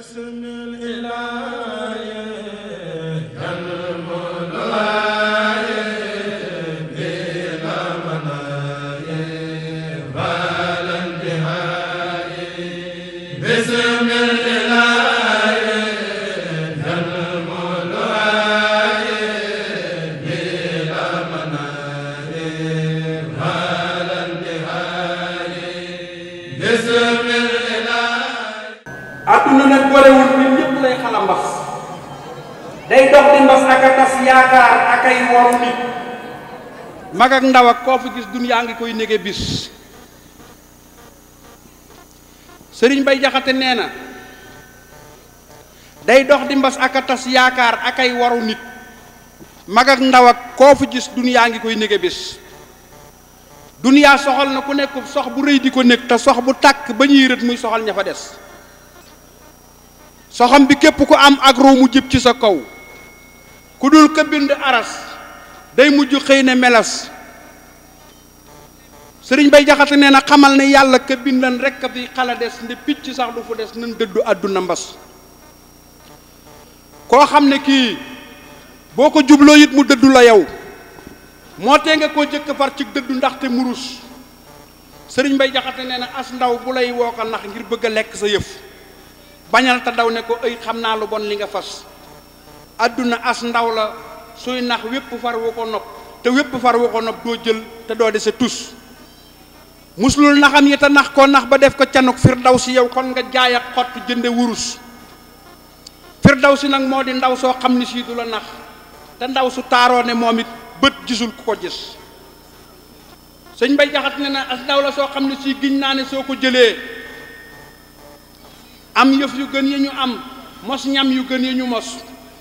حسن الإله yaakaar ak ay mag ak ndaw ak koo fi gis dun yaa ngi koy nége bis sëriñ bay jaxate nee na day dox di mbas ak a tas yaakaar ak ay waru nit mag ak ndaw ak koo fi gis dun yaa ngi koy nége bis duniyaa soxal na ku nekk sox bu rëy di ko nekk te sox bu tàkk ba ñuy rët muy soxal ña fa des soxam bi képp ku am ak ruu mu ci sa kaw ku dul ka bind aras day mujj xëy ne melas sëriñ bay jaxate nee na xamal ne yàlla ka bindan rekk a fi xala des nde picc sax du fu des nan dëddu àdduna mbas koo xam ne kii boo ko jubloo it mu dëddu la yow moo tee nga koo jëkk far ci dëddu ndaxte murus sëriñ bay jaxate nee na as ndaw bu lay woo nax ngir bëgg a lekk sa yëf bañal te daw ne ko ay xam naa lu bon li nga fas àdduna as ndaw la suy nax wépp far wu ko nopp te wépp far wu ko nopp doo jël te doo dese tus muslul naxam yi te nax koo nax ba def ko canuk firdaw si yow kon nga jaay ak xott jënde wurus firdaw si nag moo di ndaw soo xam ne sii du la nax te ndaw su taaroo ne moom it bët gisul ku ko gis sëñ bay jaxat ne na as ndaw la soo xam ne sii giñ naa ne soo ko jëlee am yëf yu gën yi ñu am mos ñam yu gën yi ñu mos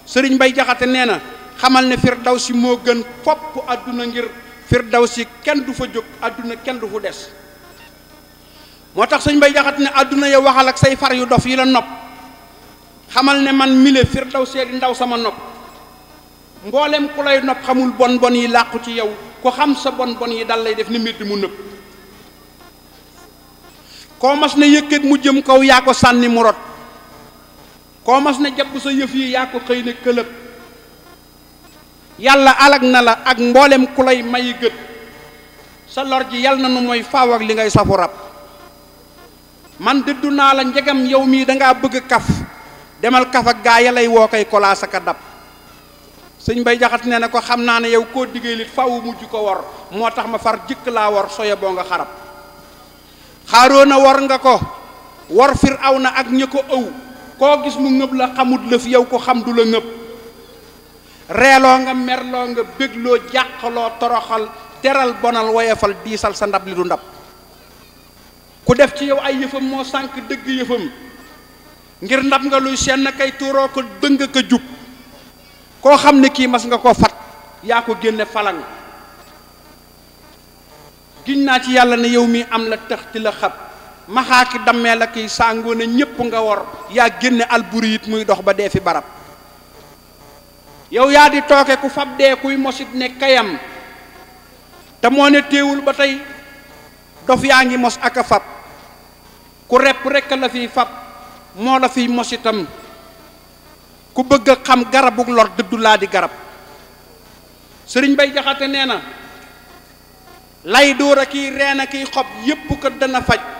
sëriñ bay Jaxate nee na xamal ne firdawsi moo gën fopp àdduna ngir si kenn du fa jóg àdduna kenn du fu des moo tax sëñ bay Jaxate ne àdduna yow waxal ak say far yu dof yi la nopp xamal ne man mile firdawsi di ndaw sama nopp mboolem ku lay nopp xamul bon bon yi làqu ci yow ku xam sa bon bon yi dal lay def ni mbir mu nëpp koo mas ne yëkkat mu jëm kaw yaa ko sànni mu rot koo mas na jàpp sa yëf yi yaa ko xëy ne këlëb yàlla alag na la ak mboolem ku lay mayi gët sa lor ji yàlla na nu mooy faw ak li ngay safu rab man dëddu naa la njegam yow mii dangaa bëgg kaf demal kaf ak gaa ya lay woo koy kolaas ak a dab sëñ bay jaxat ne na ko xam naa ne yow koo diggee lit faaw mujj ko wor moo tax ma far jëkk laa wor soye boo nga xarab xaaroona wor nga ko wor fir aw na ak ña ko ëw koo gis mu ngëb la xamut lëf yow ko xam du la ngëb reeloo nga merloo nga bégloo jàqaloo toroxal teral bonal woyefal diisal sa ndab li du ndab ku def ci yow ay yëfam moo sànq dëgg yëfam ngir ndab nga luy senn kay tuuroo ko dëng ko jub koo xam ne kii mas nga ko fat yaa ko génne falang giñ naa ci yàlla na yow mi am la tax ci la xab maxaaki dammeel ak i sàngoo na ñépp nga wor yaa génne alburi it muy dox ba dee fi barab yow yaa di tooke ku fab dee kuy mosit ne kayam te moo ne téewul ba tey dof yaa ngi mos ak a fab ku repp rekk la fiy fab moo la fiy mos itam ku bëgg xam garabu lor dëddu laa di garab sëriñ bay jaxate nee na lay dóor a kiy reen a kiy xob yépp ko dana faj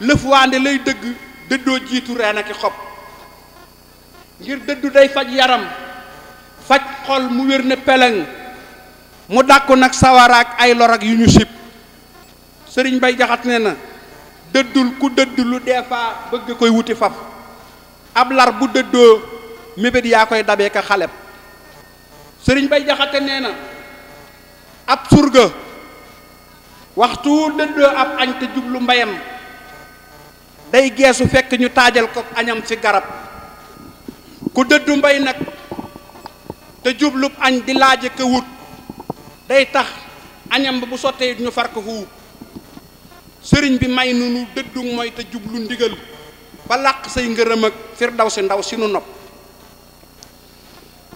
lëf waande lay dëgg dëddoo jiitu reen xob ngir dëddu day faj yaram faj xol mu wér ne peleng mu dàkku nag sawaraak ay lor yu ñu sib sëriñ bay jaxat ne na dëddul ku dëdd lu dee faa bëgg koy wuti faf ab lar bu dëddoo mébét yaa koy dabee ka xaleb sëriñ bay jaxate nee na ab surga waxtu dëddoo ab añ te jublu mbayam day geesu fekk ñu taajal ko añam ci garab ku dëddu mbay nag te jublub añ di laaje ka wut day tax añam ba bu sottee ñu far ko xuub sëriñ bi may nu nu dëddu mooy te jublu ndigal ba làq say ngërëm ak firdaw si ndaw si nu nopp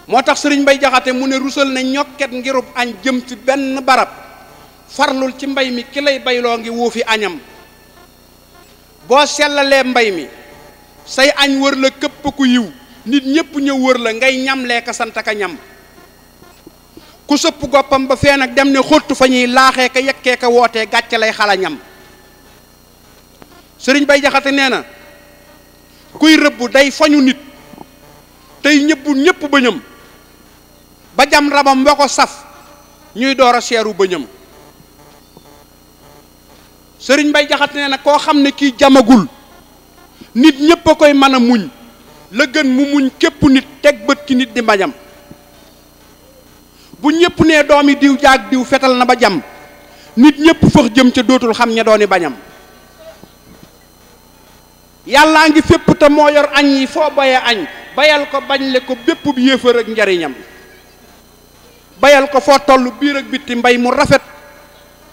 moo tax sëriñ bay jaxate mu ne rusal ne ñokket ngirub añ jëm ci benn barab farlul ci mbay mi ki lay bayloo ngi wuufi añam boo sellalee mbay mi say añ wër la këpp ku yiw nit ñépp ñëw wër la ngay ñam leeka sant ñam ku sëpp goppam ba fee nag dem ne xottu fa ñuy laaxee ka yekkee ka wootee gàcce lay xala ñam sëriñ bay jaxate nee na kuy rëbb day fañu nit tey ñëbbu ñépp bëñam ba jam rabam ba ko saf ñuy door a seeru bëñam sëriñ Mbay Jaxate nee na koo xam ne kii jamagul nit ñépp a koy man a muñ la gën mu muñ képp nit teg bët ki nit di mbañam bu ñépp nee doomi diw jaag diw fetal na ba jam nit ñépp fëx jëm ca dootul xam ña dooni bañam yàllaa ngi fépp te moo yor añ yi foo baye añ bayal ko bañle ko bépp yéefar ak njariñam bayal ko foo toll biir ak bitti mbay mu rafet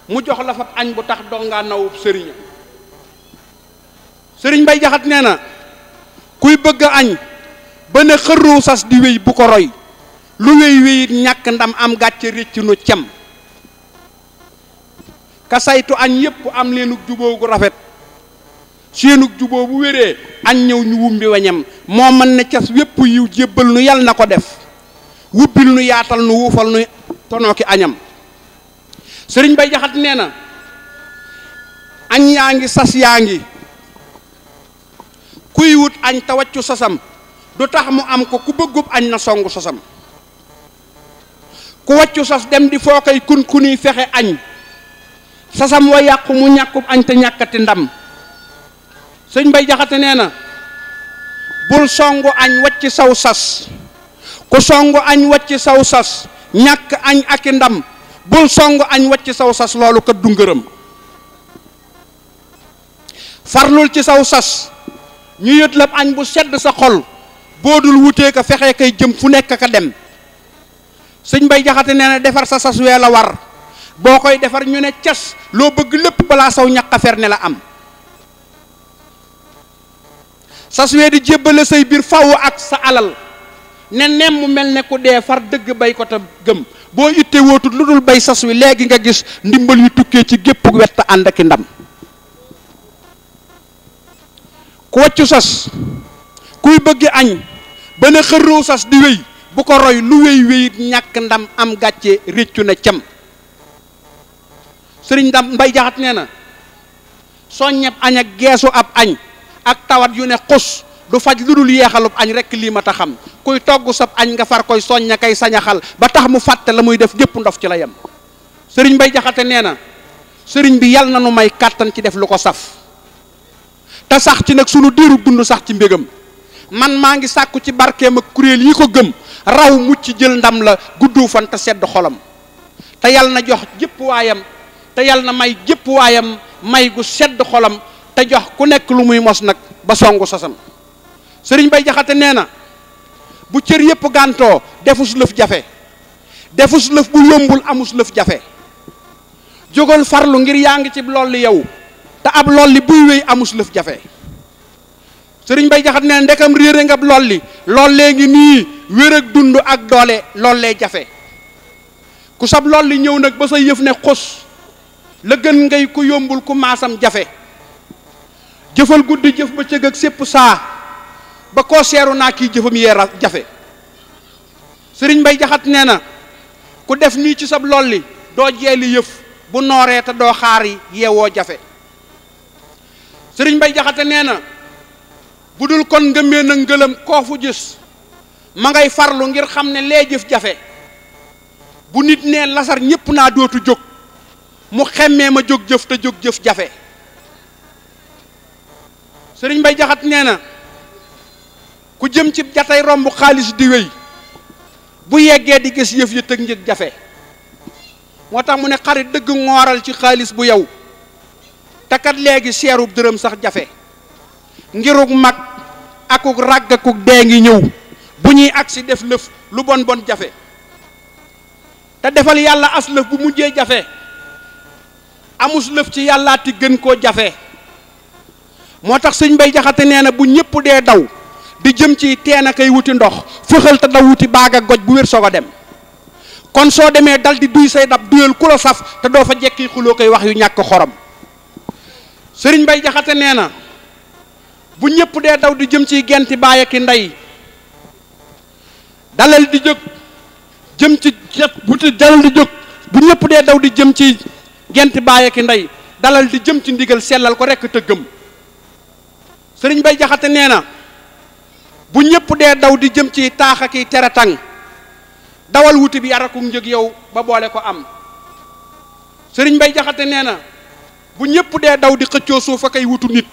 mu jox la fa añ bu tax doo ngaa nawub sëriñ sëriñ bay jaxat nee na kuy bëgg a añ ba ne xërroo sas di wéy bu ko roy lu wéy wéyit ñàkk ndam am gàcce récc nu cem ka saytu añ yépp am leenug juboo gu rafet seenug juboo bu wéree añ ñëw ñu wumbi weñam moo mën ne cas wépp yiw jébbal nu yal na ko def wubbil nu yaatal nu wuufal nu tonooki añam sëriñ bay jaxat nee na añ yaa ngi sas yaa ngi kuy wut añ te wàccu sasam du tax mu am ko ku bëggub añ na songu sasam ku wàccu sas dem di foo koy kun kunuy fexe añ sasam wa yàqu mu ñàkkub añ te ñàkkati ndam sëñ bay jaxate nee na bul songu añ wàcc saw sas ku songu añ wàcc saw sas ñàkk añ ak ndam bul song añ wacc saw sas loolu kat du ngërëm farlul ci saw sas ñu yët la añ bu sedd sa xol boo dul wutee ko fexee kay jëm fu nekk ka dem sëñ bay jaxate nee na defar sa sas wee la war boo koy defar ñu ne cas loo bëgg lépp balaa saw ñaq ne la am sas wee di jébbale say biir faw ak sa alal ne nem mu mel ne ku dee far dëgg bay ko tam gëm boo itte wootut lu dul bay sas wi léegi nga gis ndimbal yu tukkee ci gépp wett ànd ak ndam ku waccu sas kuy bëgg añ ba ne xërroo sas di wéy bu ko roy lu wéy wéyit ñàkk ndam am gàcce réccu na cam sëriñ ndam mbay jaxat nee na soññeb añ ak geesu ab añ ak tawat yu ne xus du faj lu dul yeexalub añ rek lii ma ta xam kuy togg sab añ nga far koy soñña kay sañaxal ba tax mu fàtte la muy def gépp ndof ci la yem sëriñ bay jaxate nee na sëriñ bi yàlla na nu may kàttan ci def lu ko saf te sax ci nag sunu diiru dund sax ci mbégam man maa ngi sàkku ci barkeem ak kuréel yi ko gëm raw mucc jël ndam la guddu fan te sedd xolam te yàlla na jox jëpp waayam te yàlla na may jëpp waayam may gu sedd xolam te jox ku nekk lu muy mos nag ba songu sasam sëriñ bay jaxate nee na bu cër yëpp gàntoo defus lëf jafe defus lëf bu yombul amus lëf jafe jógal farlu ngir yaa ngi cib lolli yow te ab lolli buy wéy amus lëf jafe sëriñ bay jaxat nee na ndekam réere nga lolli lee ngi nii wér ak dund ak doole lollee jafe ku sab lolli ñëw nag ba sa yëf ne xos la gën ngay ku yombul ku maasam jafe jëfal guddi jëf ba cëg ak sépp saa ba koo seeru naa kii jëfam yeera jafe sëriñ bay jaxat nee na ku def nii ci sab lolli doo jeeli yëf bu nooree te doo xaar yi yeewoo jafe sëriñ bay jaxat nee na bu dul kon ngëmee na ngëlëm koo fu gis ma ngay farlu ngir xam ne lee jëf jafe bu nit nee lasar ñépp naa dootu jóg mu xemmee ma jóg jëf te jóg jëf jafe sëriñ bay jaxat nee na ku jëm ci jatay romb xaalis di wéy bu yeggee di gis yëf yi tëg njëg jafe moo tax mu ne xarit dëgg ngooral ci xaalis bu yow takat léegi seerub dërëm sax jafe ngiruk mag akuk ràgg akuk dee ngi ñëw bu ñuy agsi def lëf lu bon bon jafe te defal yàlla as lëf bu mujjee jafe amus lëf ci yàllaati gën koo jafe moo tax sëñ bay jaxate nee na bu ñëpp dee daw di jëm ci teen a koy wuti ndox fëxal te da wuti baag ak goj bu wér soog a dem kon soo demee dal di duy say dab duyal ku la saf te doo fa jekki xuloo koy wax yu ñàkk xorom sëriñ bay jaxate nee na bu ñëpp dee daw di jëm ciy genti baay ak ndey dalal di jóg jëm ci buti ñëpp dee daw di jëm ci genti baay ndey dalal di jëm ci ndigal sellal ko rekk te gëm sëriñ bay jaxate nee na bu ñëpp dee daw di jëm ci taax ak i teratang dawal wuti bi yarakum njëg yow ba boole ko am sëriñ Mbay Jaxate nee na bu ñëpp dee daw di xëccoo suuf ak ay wutu nit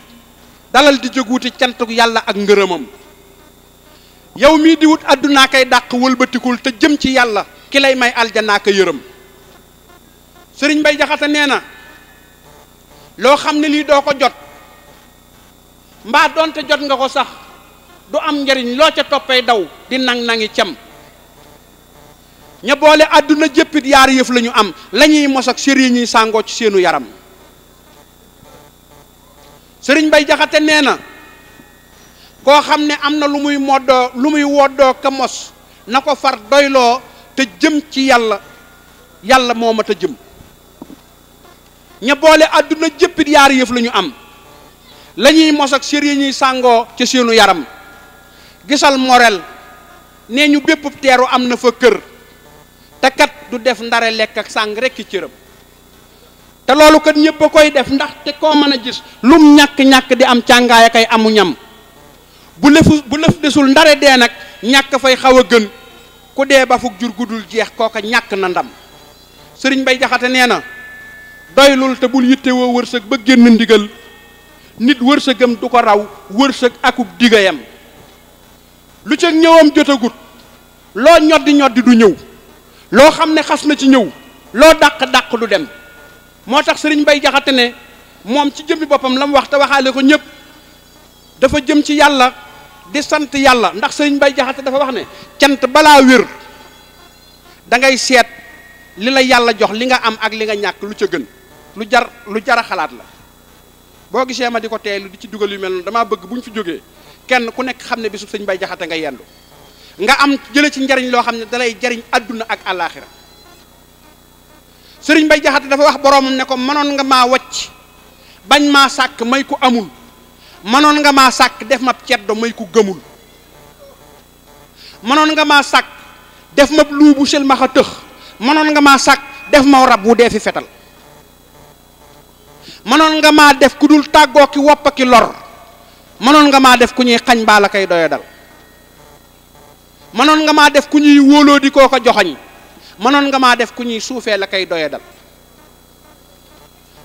dalal di jëg wuti cantuk yàlla ak ngërëmam yow mii di wut àddunaa kay dàq wëlbatikul te jëm ci yàlla ki lay may aljanaa ka yërëm sëriñ bay Jaxate nee na loo xam ne lii doo ko jot mbaa doonte jot nga ko sax du am njariñ loo ca toppee daw di nang nangi cam ña boole àdduna jëppit yaar yëf la ñu am la ñuy mos ak sëriñ ñuy sàngoo ci seenu yaram sëriñ bay jaxate nee na koo xam ne am na lu muy moddoo lu muy woddoo ka mos na ko far doyloo te jëm ci yàlla yàlla moo mat a jëm ña boole àdduna jëppit yaar yëf la ñu am la ñuy mos ak sëriñ ñuy sàngoo ci seenu yaram gisal morel nee ñu bépp teeru am na fa kër te kat du def ndare lekk ak sàng rekk cëram te loolu kat ñëpp a koy def ndax te koo mën a gis lum ñàkk-ñàkk di am càngaay ak ay amu ñam bu lëfu bu lëf desul ndare dee nag ñàkk fay xaw a gën ku dee ba fuk jur gudul jeex kooka ñàkk na ndam sëriñ bay jaxate nee na doylul te bul yitte woo wërsëg ba génn ndigal nit wërsëgam du ko raw wërsëg akub digayam lu ca ñëwam jotagut loo ñoddi ñoddi du ñëw loo xam ne xas na ci ñëw loo dàq dàq du dem moo tax sëriñ bay Jaxate ne moom ci jëmmi boppam la mu wax te waxaale ko ñëpp dafa jëm ci yàlla di sant yàlla ndax sëriñ bay Jaxate dafa wax ne cant balaa wér dangay seet li la yàlla jox li nga am ak li nga ñàkk lu ca gën lu jar lu jar a xalaat la boo gisee ma di ko teelu di ci dugal yu mel noonu damaa bëgg bu ñu fi jógee kenn ku nekk xam ne bisu sëñ bay jaxate nga yendu nga am jële ci njariñ loo xam ne dalay jariñ àdduna ak àllaaxira sëriñ bay jaxate dafa wax boroomam ne ko mënoon nga maa wacc bañ maa sàkk may ku amul mënoon nga maa sàkk def ma ceddo may ku gëmul mënoon nga maa sàkk def ma luu bu sel ma xa tëx mënoon nga maa sàkk def ma rab wu dee fi fetal mënoon nga maa def ku dul tàggoo ki wopp lor mënoon nga maa def ku ñuy xañ baa la koy doya dal mënoon nga maa def ku ñuy wóoloo di koo ko joxoñ mënoon nga maa def ku ñuy suufee la koy doya dal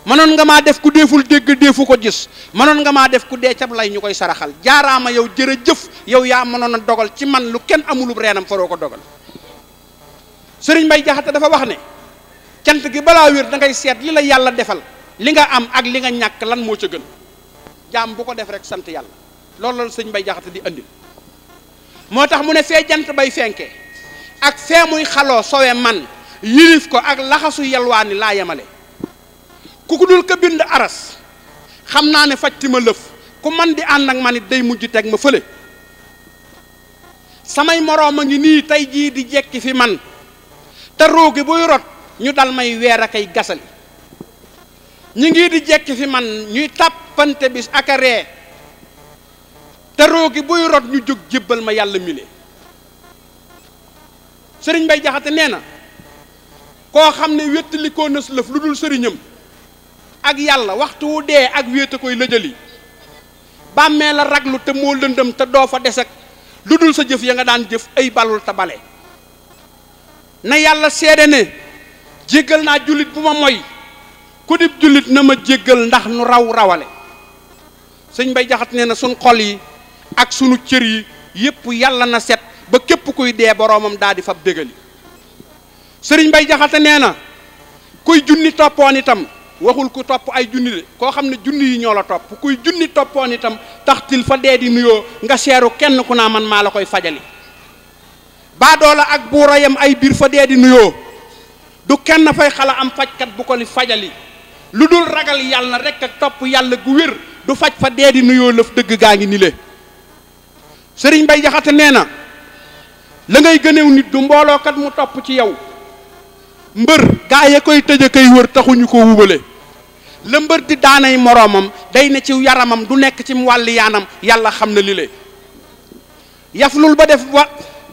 mënoon nga maa def ku déeful dégg déefu ko gis mënoon nga maa def ku dee cab lay ñu koy saraxal jaaraama yow jëf yow yaa mënoon a dogal ci man lu kenn amulu reenam faroo ko dogal sëriñ Mbay Jaxate dafa wax ne cant gi balaa wér da ngay seet li la yàlla defal li nga am ak li nga ñàkk lan moo ca gën jaam bu ko def rek sant yàlla loolu la sëñ Mbay Jaxate di andil moo tax mu ne fee jant bay fenke ak fee muy xaloo sowe man yilif ko ak laxasu yalwaani laa yemale ku ku dul ko bind aras xam naa ne fajti ma lëf ku man di ànd ak manit day mujj teg ma fële samay moroom a ngi nii tey jii di jekki fi man te ruugi buy rot ñu dal may weer ak ay gasali ñu ngi di jekki fi man ñuy tàppante bis aka ree te roogi buy rot ñu jóg jébbal ma yàlla mile sëriñ bay jaxate nee na koo xam ne wéttalikoo nas lëf lu dul sëriñam ak yàlla waxtu wu dee ak wéete koy lëjali bàmmee la raglu te moo lëndëm te doo fa des ak lu dul sa jëf ya nga daan jëf ay balul te bale na yàlla seede ne jéggal naa jullit bu ma moy ku dib jullit na ma jéggal ndax nu raw rawale sëñ bay jaxat nee na suñ xol yi ak sunu cër yi yépp yàlla na set ba képp kuy dee boroomam daal di fab dégali sëriñ bay jaxate nee na kuy junni toppoon itam waxul ku topp ay junni de koo xam ne junni yi ñoo la topp kuy junni toppoon itam taxtil fa dee di nuyoo nga seeru kenn ku naa man maa la koy fajali baadoole ak buurayam ay biir fa dee di nuyoo du kenn fay xala am fajkat bu ko li fajali lu dul ragal yàlla rek ak topp yàlla gu wér du faj fa dee di nuyoo lëf dëgg gaa ngi ni le sëriñ Bay Jaxate nee na la ngay gënew nit du mboolookat mu topp ci yow mbër gaa ya koy tëj koy wër taxuñu ko wubale la mbër di daanay moroomam day ne ci yaramam du nekk ci wàll yaanam yàlla xam na li le yaflul ba def wa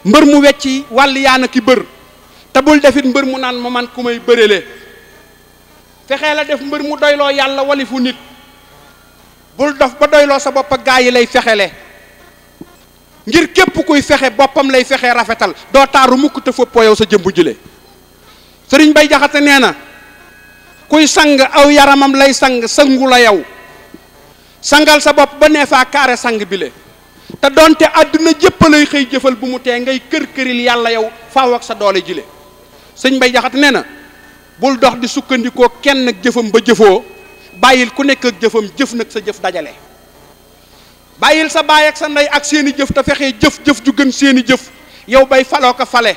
mbër mu wecci wàll yaana ki bër te bul defit mbër mu naan ma man ku may bërele fexee la def mbër mu doyloo yàlla walifu nit bul dof ba doyloo sa bopp ak gaa yi lay fexele ngir képp kuy fexe boppam lay fexe rafetal doo taaru mukk te fëppoo yow sa jëmbu jile sëriñ bay jaxat nee na kuy sang aw yaramam lay sang sangu la yow sangal sa bopp ba nee faa kaare sang bile te doonte àdduna jëpp lay xëy jëfal bu mu tee ngay kër-këril yàlla yow faaw ak sa doole jile sëñ bay jaxat nee na bul dox di sukkandikoo kenn ak jëfam ba jëfoo bàyyil ku nekk ak jëfam jëf nag sa jëf dajale bàyyil sa baay ak sa ndey ak seeni jëf te fexee jëf-jëf ju gën seeni jëf yow bay faloo ko fale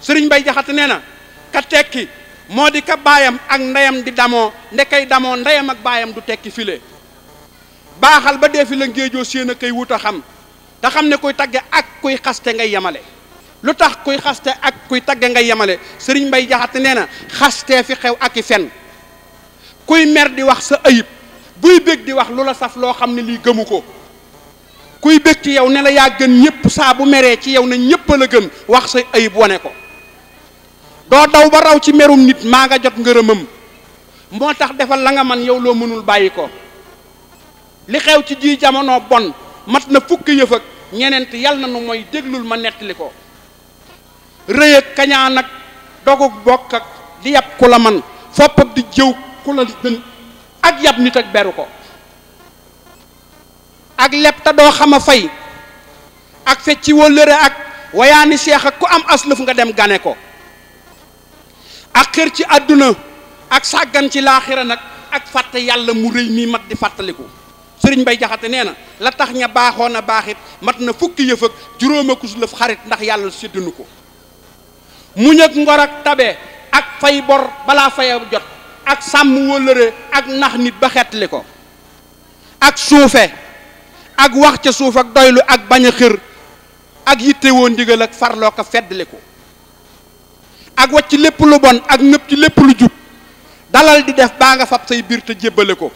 sëriñ bay jaxate nee na ka tekki moo di ka baayam ak ndeyam di damoo ndekay damoo ndeyam ak baayam du tekki file baaxal ba dee fi la ngéejoo seen a koy wut xam te xam ne kuy tagge ak kuy xaste ngay yemale lu tax kuy xaste ak kuy tagge nga yemale sëriñ mbay jaxate nee na xastee fi xew ak i fen kuy mer di wax sa ayib buy bég di wax lu la saf loo xam ne lii gëmu ko kuy bég ci yow ne la yaa gën ñëpp saa bu meree ci yow ne ñëpp la gën wax sa ayib wane ko doo daw ba raw ci merum nit maa nga jot ngërëmam moo tax defal la nga man yow loo mënul bàyyi ko li xew ci ji jamono bon mat na fukki yëf ak ñeneent yal na nu mooy déglul ma nettali ko rëy ak kañaan ak dogug bokk ak di yab ku man fopp ak di jëw ku la gën ak yab nit ak beru ko ak leb te doo xam a fay ak fecci wóllëre ak wayaani seex ak ku am aslëf nga dem gane ko ak xër ci àdduna ak sàggan ci laaxira nag ak fàtte yàlla mu rëy mii mat di fàttaliku sëriñ bay jaxate nee na la tax ña baaxoon a baaxit mat na fukki yëf ak juróom lëf xarit ndax yàlla séddunu ko mu ak ngor ak tabe ak fay bor balaa faya jot ak sàmm wëllëre ak nax nit ba xetli ko ak suufe ak wax ca suuf ak doylu ak bañ a xër ak yittewoo ndigal ak farloo ko feddli ko ak wacc lépp lu bon ak nëb ci lépp lu jub dalal di def baa nga fab say biir te jébbale ko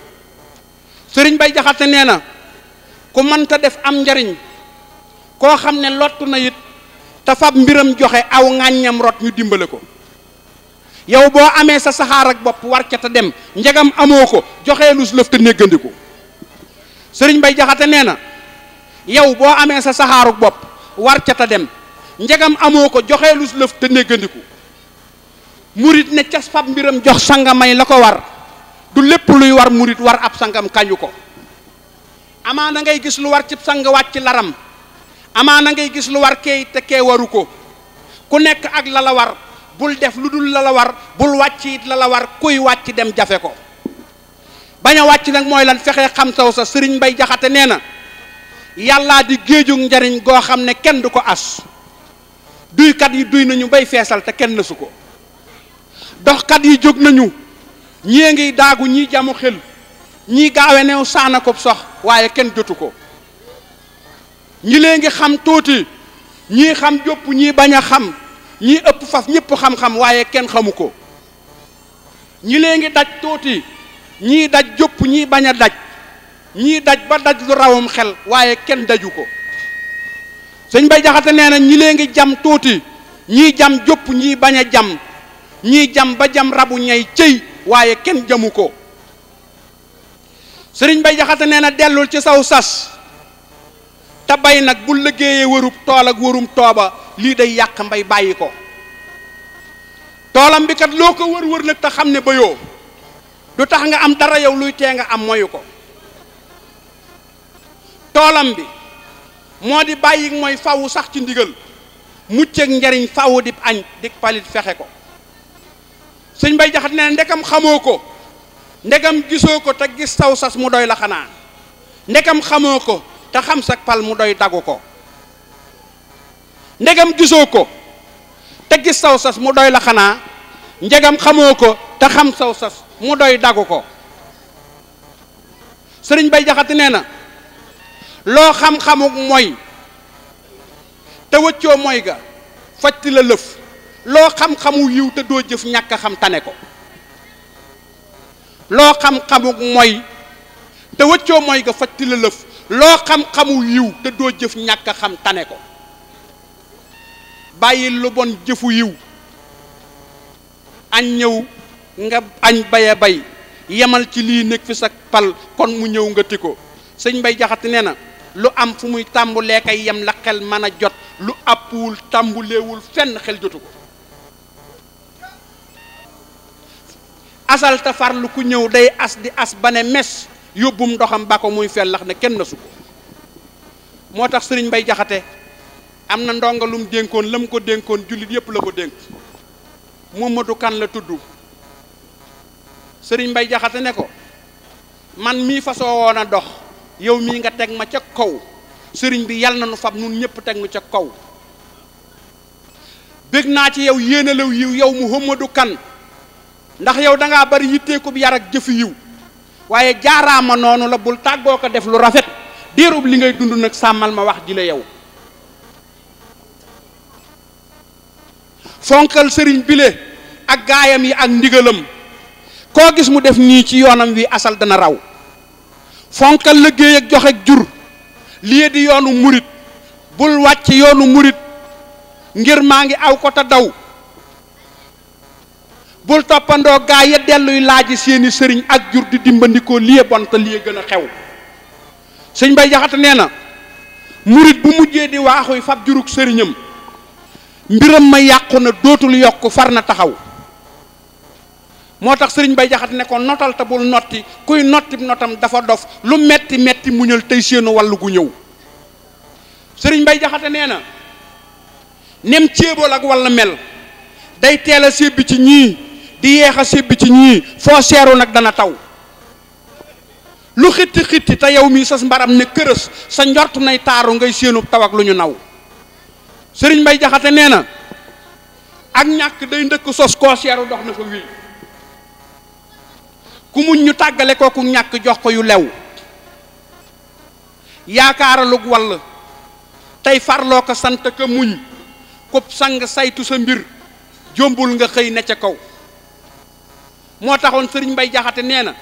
sëriñ bay jaxate nee na ku mënta def am njariñ koo xam ne lott na yit te fab mbiram joxe aw ŋàññam rot ñu dimbale ko yow boo amee sa saxaar bopp war ca te dem njegam amoo ko joxee lus lëf te néggandiku sëriñ bay jaxate nee na yow boo amee sa saxaaru bopp war ca dem njegam amoo ko joxee lus lëf te murit ne cas fab mbiram jox sangamay la ko war du lépp luy war murit war ab sangam kañu ko amaana ngay gis lu war ci sang ci laram amaana ngay gis lu war kee te kee waru ko ku nekk ak la war bul def lu dul la war bul wàcc it la la war kuy wàcc dem jafe ko bañ a wàcc nag mooy lan fexee xam saw sa sëriñ bay Jaxate nee na yàllaa di géejug njariñ goo xam ne kenn du ko as duykat yi duy nañu bay feesal te kenn nasu ko doxkat yi jóg nañu ñii ngiy daagu ñii jamu xel ñii gaawe new saana ko sox waaye kenn jotu ko ñi lee xam tuuti ñii xam jópp ñii bañ a xam ñii ëpp faf ñëpp xam-xam waaye kenn xamu ko ñi lee ngi daj tuuti ñii daj jópp ñii bañ a daj ñii daj ba daj lu rawum xel waaye kenn daju ko sëñ bay jaxate nee na ñi lee ngi jam tuuti ñii jam jópp ñii bañ a jam ñii jam ba jam rabu ñay cëy waaye kenn jamu ko sëriñ bay jaxata nee na dellul ci saw sas te bay nag bu liggéeyee warub tool ak warum tooba lii day yàq mbay bàyyi ko toolam bi kat loo ko wër wër nag te xam ne bayoo du tax nga am dara yow luy tee nga am moyu ko toolam bi moo di bàyyi mooy fawu sax ci ndigal mucc ak njariñ fawu di añ di palit fexe ko sëñ bay jaxat ne ndekam xamoo ko ndegam gisoo ko te gis saw sas mu doy la xanaa ndekam xamoo ko te xam sa pal mu doy daggu ko ndegam gisoo ko te gis saw sas mu doy la xanaa ndegam xamoo ko te xam saw sas mu doy daggu ko sëriñ bay jaxati nee na loo xam-xamuk mooy te wëccoo mooy ga fajti la lëf loo xam-xamu yiw te doo jëf ñàkk a xam tane ko loo xam-xamuk moy te wëccoo mooy ga fajti la lëf loo xam-xamu yiw te doo jëf ñàkk a xam tane ko bàyyil lu bon jëfu yiw añ ñëw nga añ bay bay yemal ci lii nekk fi sa pal kon mu ñëw nga ti ko sëñ Mbay Jaxate nee na lu am fu muy tàmbulee kay yem la xel mën a jot lu àppuwul tàmbuleewul fenn xel jotu ko asal te farlu ku ñëw day as di as ba ne mes yóbbum ndoxam ba ko muy fellax ne kenn na su moo tax sëriñ bay Jaxate am na ndonga lum dénkoon lam ko dénkoon jullit yépp la ko dénk Momadou Kan la tudd sëriñ Mbay Jaxate ne ko man mii fasoo woon a dox yow mii nga teg ma ca kaw sëriñ bi yal na nu fab nun ñëpp teg nu ca kaw bég naa ci yow yéenalaw yiw yow mu Muhammadu Kan ndax yow danga bari yitteeku bi yar ak jëfi yiw waaye jaaraama noonu la bul tàggoo ko def lu rafet diirub li ngay dund nag sàmmal ma wax ji la yow fonkal sëriñ bile ak gaayam yi ak ndigalam koo gis mu def nii ci yoonam wi asal dana raw fonkal liggéey ak joxe jur lii di yoonu murit bul wàcc yoonu murit ngir maa ngi aw ko te daw bul toppandoo gaa ya delluy laaji seeni sëriñ ak jur di dimbandikoo liye bon te liye gën a xew sëñ bay jaxate nee na murit bu mujjee di waaxuy fab jurug sëriñam mbiram ma yàqu na dootul yokk far na taxaw moo tax sëriñ bay jaxate ne ko notal te bul notti kuy notti notam dafa dof lu metti metti muñal tey seenu wàllu gu ñëw sëriñ bay jaxate nee na nem céebool ak walla mel day teel a sébbi ci ñii di yeex a sébbi ci ñii foo seeru nag dana taw lu xitti xitti te yow mii sas mbaram ne kërës sa njort nay taaru ngay séenub tawak lu ñu naw sëriñ Mbay Jaxate nee na ak ñàkk day ndëkk sos koo seeru dox na fa wii ku muñ ñu tàggale kooku ñàkk jox ko yu lew yaakaaralug wall tey farloo ko sant ka muñ ku sang saytu sa mbir jombul nga xëy ne ca kaw moo taxoon sëriñ bay jaxate nee na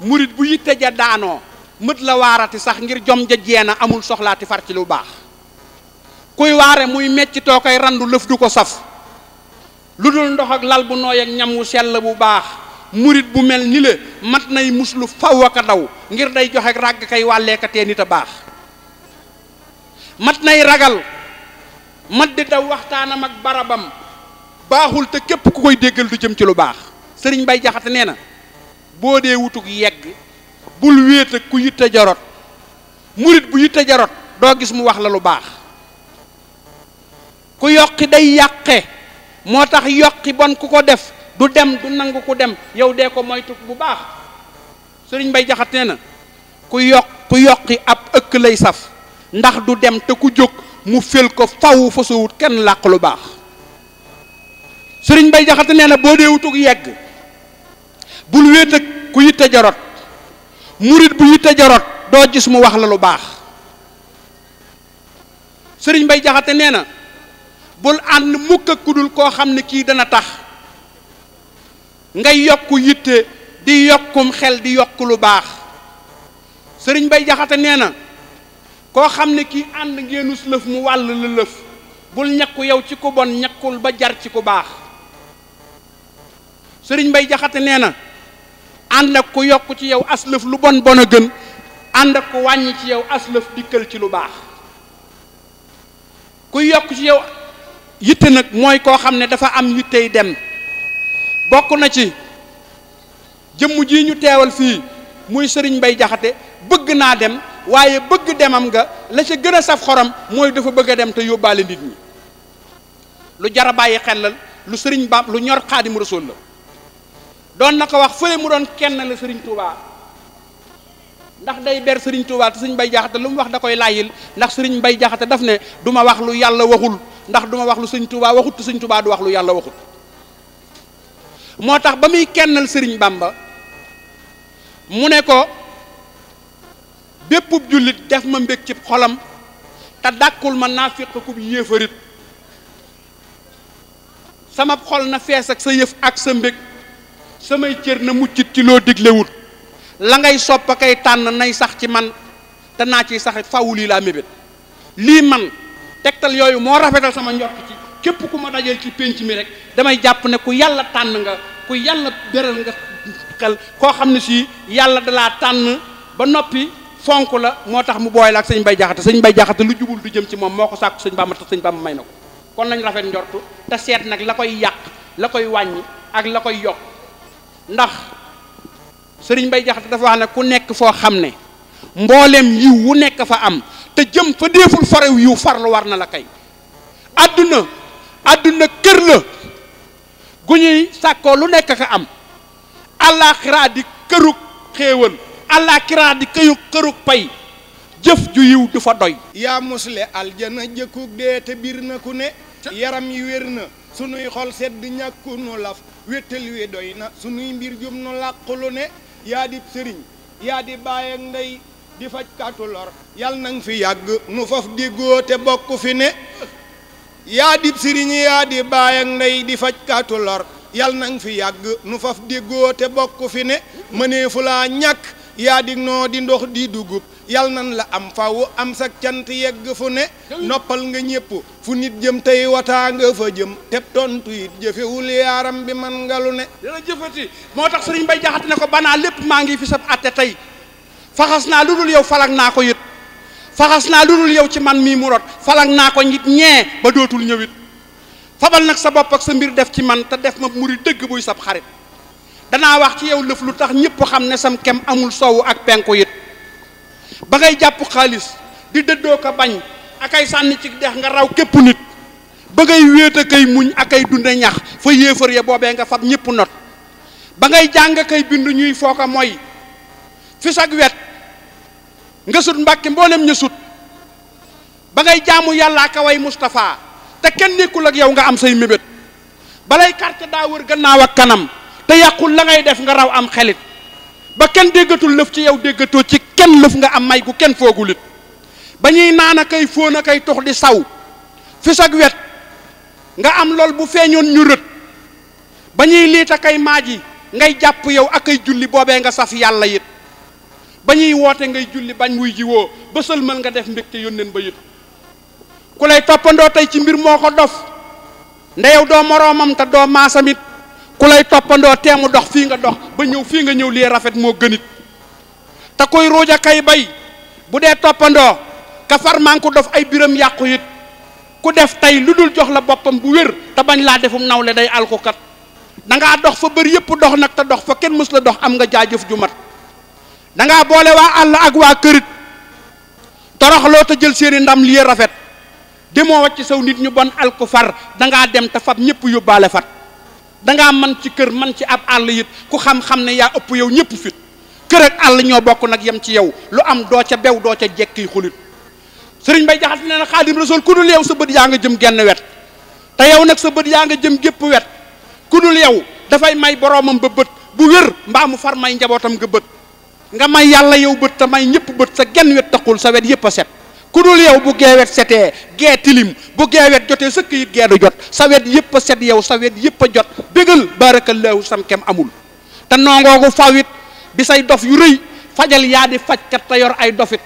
murit bu yitte ja daanoo mët la waarati sax ngir jom ja jeena amul soxlaati far ci lu baax kuy waare muy mecc too koy randu lëf du ko saf lu dul ndox ak lal bu nooy ak ñam wu sell bu baax murit bu mel ni la mat nay muslu faw aka daw ngir day joxe ràgg kay wàlleeka tee a baax mat nay ragal mat di daw waxtaanam ak barabam baaxul te képp ku koy déggal du jëm ci lu baax sëriñ bay jaxat nee na boo dee wutug yegg bul wéet ak ku yitte jarot murit bu yitte jarot doo gis mu wax la lu baax ku yokki day yàqe moo tax yokki bon ku ko def du dem du nangu ku dem yow dee ko moytu bu baax sëriñ Mbay Jaxate nee na ku yokk ku yokki ab ëkk lay saf ndax du dem te ku jóg mu fel ko faw fa sowut kenn làq lu baax sëriñ bay Jaxate nee na boo dee wutug yegg bul wéet ak ku yitte jarot murit bu yitte jarot doo gis mu wax la lu baax sëriñ Mbay Jaxate nee na bul ànd mukk ak ku koo xam ne kii dana tax ngay yokk yitte di yokkum xel di yokk lu baax sëriñ bay Jaxate nee na koo xam ne kii ànd ngeenus lëf mu wàll la lëf bul ñakku yow ci ku bon ñakkul ba jar ci ku baax sëriñ bay Jaxate nee na ànd ak ku yokk ci yaw aslëf lu bon bon a gën ànd ak ku wàññi ci yow aslëf dikkal ci lu baax ku yokk ci yow yitte nag mooy koo xam ne dafa am yittey dem bokk na ci jëmm ji ñu teewal fii muy sëriñ bay Jaxate bëgg naa dem waaye bëgg demam nga la ca gën a saf xorom mooy dafa bëgg a dem te yóbbaale nit ñi lu jara bàyyi xelal lu sëriñ Ba lu ñor xaadim rasul la doon na ko wax fële mu doon kenn la sëriñ Touba ndax day ber sëriñ Touba te sëriñ Mbay Jaxate lu mu wax da koy laayil ndax sëriñ bay Jaxate daf ne du ma wax lu yàlla waxul ndax du wax lu sëriñ Touba waxut te sëriñ Touba du wax lu yàlla waxut moo tax ba muy kennal sëriñ Bamba mu ne ko béppub jullit def ma mbég ci xolam te dàkkul ma naafiq kub yéefarit sama xol na fees ak sa yëf ak sa mbég samay cër na muccit ci loo diglewul la ngay soppa kay tànn nay sax ci man te naa ciy sax faw lii laa mébét lii man tegtal yooyu moo rafetal sama njort ci képp ku ma dajal ci pénc mi rek damay jàpp ne ku yàlla tànn nga ku yàlla beral nga xel koo xam ne sii yàlla dalaa tànn ba noppi fonk la moo tax mu booy la ak sëñ bay jaxate sëñ bay jaxate lu jubul du jëm ci moom moo ko sàkku sëñ bàmba te sëñ bàmba may na ko kon nañ rafet njortu te seet nag la koy yàq la koy wàññi ak la koy yokk ndax sëriñ Mbay Jaxate dafa wax ne ku nekk foo xam ne mboolem yiw wu nekk fa am te jëm fa déeful farew yiw farlu war na la kay àdduna àdduna kër la gu ñuy sàkkoo lu nekk ka am àllaaxiraa di kërug xéewal àllaaxiraa di këyu kërug pay jëf ju yiw du fa doy yaa musle aljana jëkkug dee te biir na ku ne yaram yi wér na sunuy xol sedd ñàkkunu laf wéttal wi doy na sunuy mbir jum nu làqulu ne yaa di sëriñ yaa di baay ak ndey di faj lor yal nang fi yàgg nu faf di góo te bokk fi ne yaa di sëriñ yaa di baay ndey di faj lor yal nang fi yàgg nu faf di te bokk fi ne mëneefu laa ñàkk yaa di noo di ndox di dugub yal nan la am faw am sa cant yegg fu ne noppal nga ñépp fu nit jëm tey wataa nga fa jëm teb tontu it jëfewul yaaram bi man nga ne dana jëfati moo tax sëriñ bay jaxat ne ko banaa lépp maa ngi fi sab atte tey faxas naa lu dul yow falag naa ko yit faxas naa lu dul yow ci man mii mu rot naa ko nit ñee ba dootul ñëwit fabal nag sa bopp sa mbir def ci man te def ma muri dëgg buy sab xarit danaa wax ci yow lëf lu tax ñëpp xam ne sam kem amul soowu ak penku yit ba ngay jàpp xaalis di dëddoo ko bañ ak sànni cig dex nga raw képp nit ba ngay wéet a muñ ak dunde ñax fa yéefar ya boobee nga fab ñëpp not ba ngay jàng kay bind ñuy fooka mooy fi sag wet nga sut mbàkke mboolem ñu ba ngay jaamu yàllaa ka way Moustapha te kenn nekkul ak yow nga am say mébét balay carte daa wër gannaaw ak kanam te yàqul la ngay def nga raw am xelit ba kenn déggatul lëf ci yow déggatoo ci kenn lëf nga am may gu kenn foogulit ba ñuy naan a koy fóon a koy tox di saw fi sag wet nga am lool bu feeñoon ñu rët ba ñuy liit a koy maaj yi ngay jàpp yow ak ay julli boobee nga saf yàlla it ba ñuy woote ngay julli bañ wuy jiwoo ba sëlmal nga def mbégte yónneen ba it ku lay toppandoo tey ci mbir moo ko dof ndeyow doo moroomam te doo maasamit ku lay toppandoo teemu dox fii nga dox ba ñëw fii nga ñëw lii rafet moo gënit te koy ruuj a kay bay bu dee toppandoo kafar maa ngi ko dof ay biram yàqu it ku def tey lu dul jox la boppam bu wér te bañ laa defum nawle day alkukat da ngaa dox fa bëri yëpp dox nag te dox fa kenn mës la dox am nga jaajëf ju mat da ngaa boole waa àll ak waa kërit toroxloo te jël seeni ndam lii rafet demoo wàcc saw nit ñu bon alku far da ngaa dem te fab ñëpp yóbbaale fat dangaa man ci kër man ci ab àll it ku xam-xam ne yaa ëpp yow ñëpp fit kër ak àll ñoo bokk nag yem ci yow lu am doo ca bew doo ca jekki xulit sëriñ bay jaxat nee na xaadim rasul ku dul yow sa bët yaa nga jëm genn wet te yow nag sa bët yaa nga jëm gépp wet ku dul yow dafay may boroomam ba bët bu wér mbaa mu far may njabootam nga bët nga may yàlla yow bët te may ñëpp bët sa genn wet taxul sa wet yëpp a set ku dul yow bu geewet setee gee tilim bu geewet jotee sëkk yit gee du jot sa wet yëpp a set yow sa wet yëpp a jot bégal barakallahu sam kem amul te nongoogu faw it bi say dof yu rëy fajal yaa di fajkat te yor ay dofit